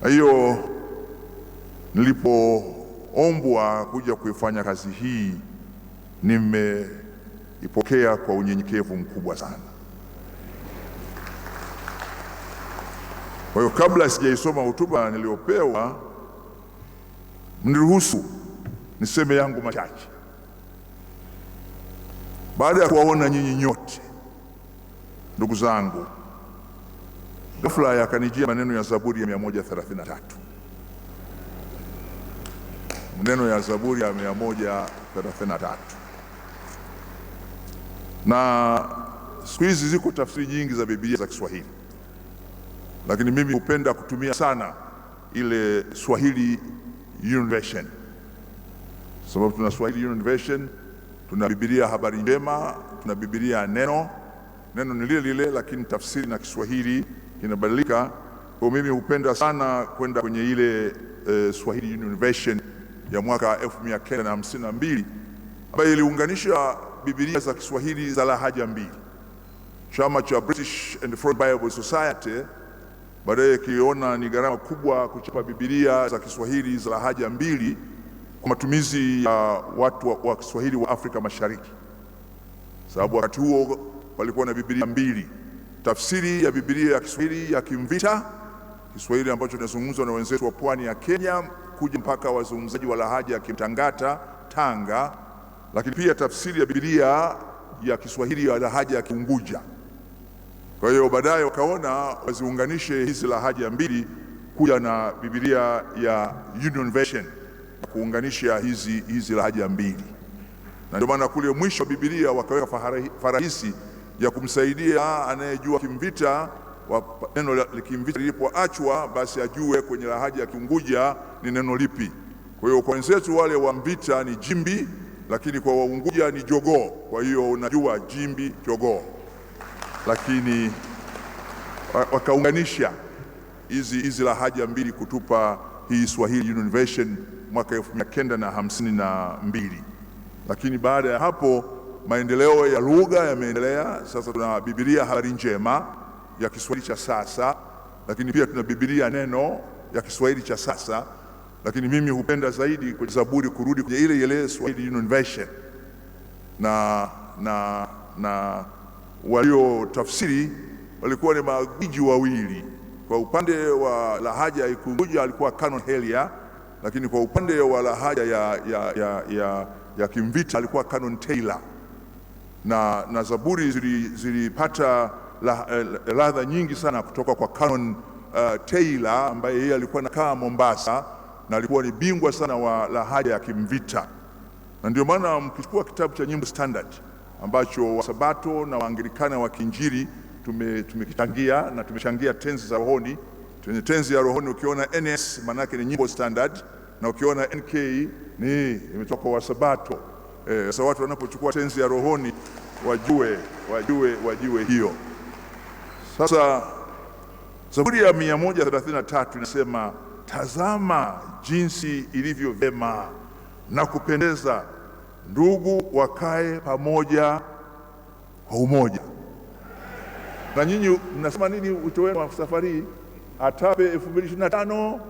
Kwa hiyo nilipoombwa kuja kuifanya kazi hii nimeipokea kwa unyenyekevu mkubwa sana. Kwa hiyo kabla sijaisoma hotuba niliyopewa, mniruhusu niseme yangu machache baada ya kuwaona nyinyi nyote, ndugu zangu. Ghafla yakanijia maneno ya Zaburi ya 133 maneno ya Zaburi ya 133 na siku hizi ziko tafsiri nyingi za Biblia za Kiswahili, lakini mimi hupenda kutumia sana ile Swahili Union sababu tuna Swahili Union tuna Biblia habari njema, tuna Biblia neno. Neno ni lile lile, lakini tafsiri na Kiswahili kinabadilika. Kwa mimi hupenda sana kwenda kwenye ile eh, Swahili Version ya mwaka 1952 ambayo iliunganisha Biblia za Kiswahili za lahaja mbili. Chama cha British and Foreign Bible Society baadaye kiliona ni gharama kubwa kuchapa Biblia za Kiswahili za lahaja mbili kwa matumizi ya watu wa, wa Kiswahili wa Afrika Mashariki, sababu wakati huo walikuwa na Biblia mbili tafsiri ya Biblia ya Kiswahili ya Kimvita, Kiswahili ambacho kinazungumzwa na wenzetu wa pwani ya Kenya kuja mpaka wazungumzaji wa lahaja ya Kimtangata, Tanga, lakini pia tafsiri ya Biblia ya Kiswahili ya lahaja ya Kiunguja. Kwa hiyo baadaye wakaona waziunganishe hizi lahaja mbili kuja na Biblia ya Union Version kuunganisha hizi hizi lahaja mbili, na ndio maana kule mwisho wa Biblia wakaweka farahisi ya kumsaidia anayejua Kimvita wa neno likimvita lilipoachwa basi ajue kwenye lahaja ya Kiunguja ni neno lipi. Kwa hiyo kwa wenzetu wale wa Mvita ni jimbi, lakini kwa Waunguja ni jogoo. Kwa hiyo unajua jimbi, jogoo, lakini wakaunganisha hizi hizi lahaja mbili kutupa hii Swahili Innovation mwaka elfu mia kenda na hamsini na mbili, lakini baada ya hapo maendeleo ya lugha yameendelea. Sasa tuna Biblia habari njema ya Kiswahili cha sasa, lakini pia tuna Biblia neno ya Kiswahili cha sasa, lakini mimi hupenda zaidi kwenye Zaburi kurudi kwenye ile ile Swahili Universion na, na, na tafsiri walikuwa ni magwiji wawili. Kwa upande wa lahaja ya Ikunguja alikuwa Canon Helia, lakini kwa upande wa lahaja ya, ya, ya, ya, ya Kimvita alikuwa Canon Taylor na, na Zaburi zilipata eh, ladha nyingi sana kutoka kwa Canon uh, eh, Taylor ambaye yeye alikuwa nakaa Mombasa na alikuwa ni bingwa sana wa lahaja ya Kimvita, na ndio maana mkichukua kitabu cha nyimbo standard ambacho Wasabato na Waanglikana wa Kinjiri tumekichangia tume na tumechangia tenzi za rohoni. Kwenye tenzi ya rohoni ukiona NS maana ni nyimbo standard, na ukiona NK ni imetoka Wasabato. Eh, sasa watu wanapochukua tenzi ya rohoni wajue wajue wajue hiyo. Sasa Zaburi ya 133 inasema, tazama jinsi ilivyo vyema na kupendeza ndugu wakae pamoja kwa umoja. Na nyinyi mnasema nini? Wito wenu wa safari ATAPE 2025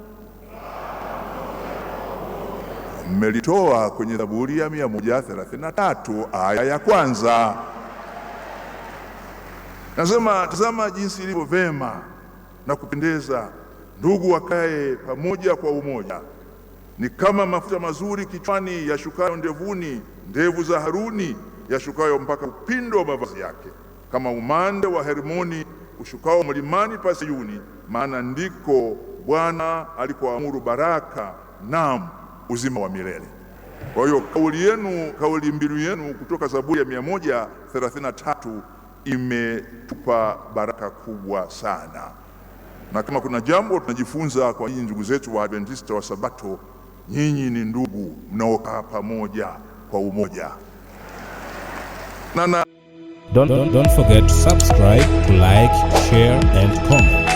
mmelitoa kwenye Zaburi ya 133 aya ya kwanza. Nasema, tazama jinsi ilivyo vema na kupendeza ndugu wakae pamoja kwa umoja. Ni kama mafuta mazuri kichwani yashukayo ndevuni, ndevu za Haruni yashukayo mpaka upindo wa mavazi yake, kama umande wa Hermoni ushukao mlimani pa Sayuni, maana ndiko Bwana alikoamuru baraka, naam uzima wa milele. Kwa hiyo kauli yenu, kauli mbiu yenu kutoka Zaburi ya 133 imetupa baraka kubwa sana, na kama kuna jambo tunajifunza kwa nyinyi ndugu zetu wa Adventista wa Sabato, nyinyi ni ndugu mnaokaa pamoja kwa umoja na na Don't, don't, don't forget to subscribe, like, share and comment.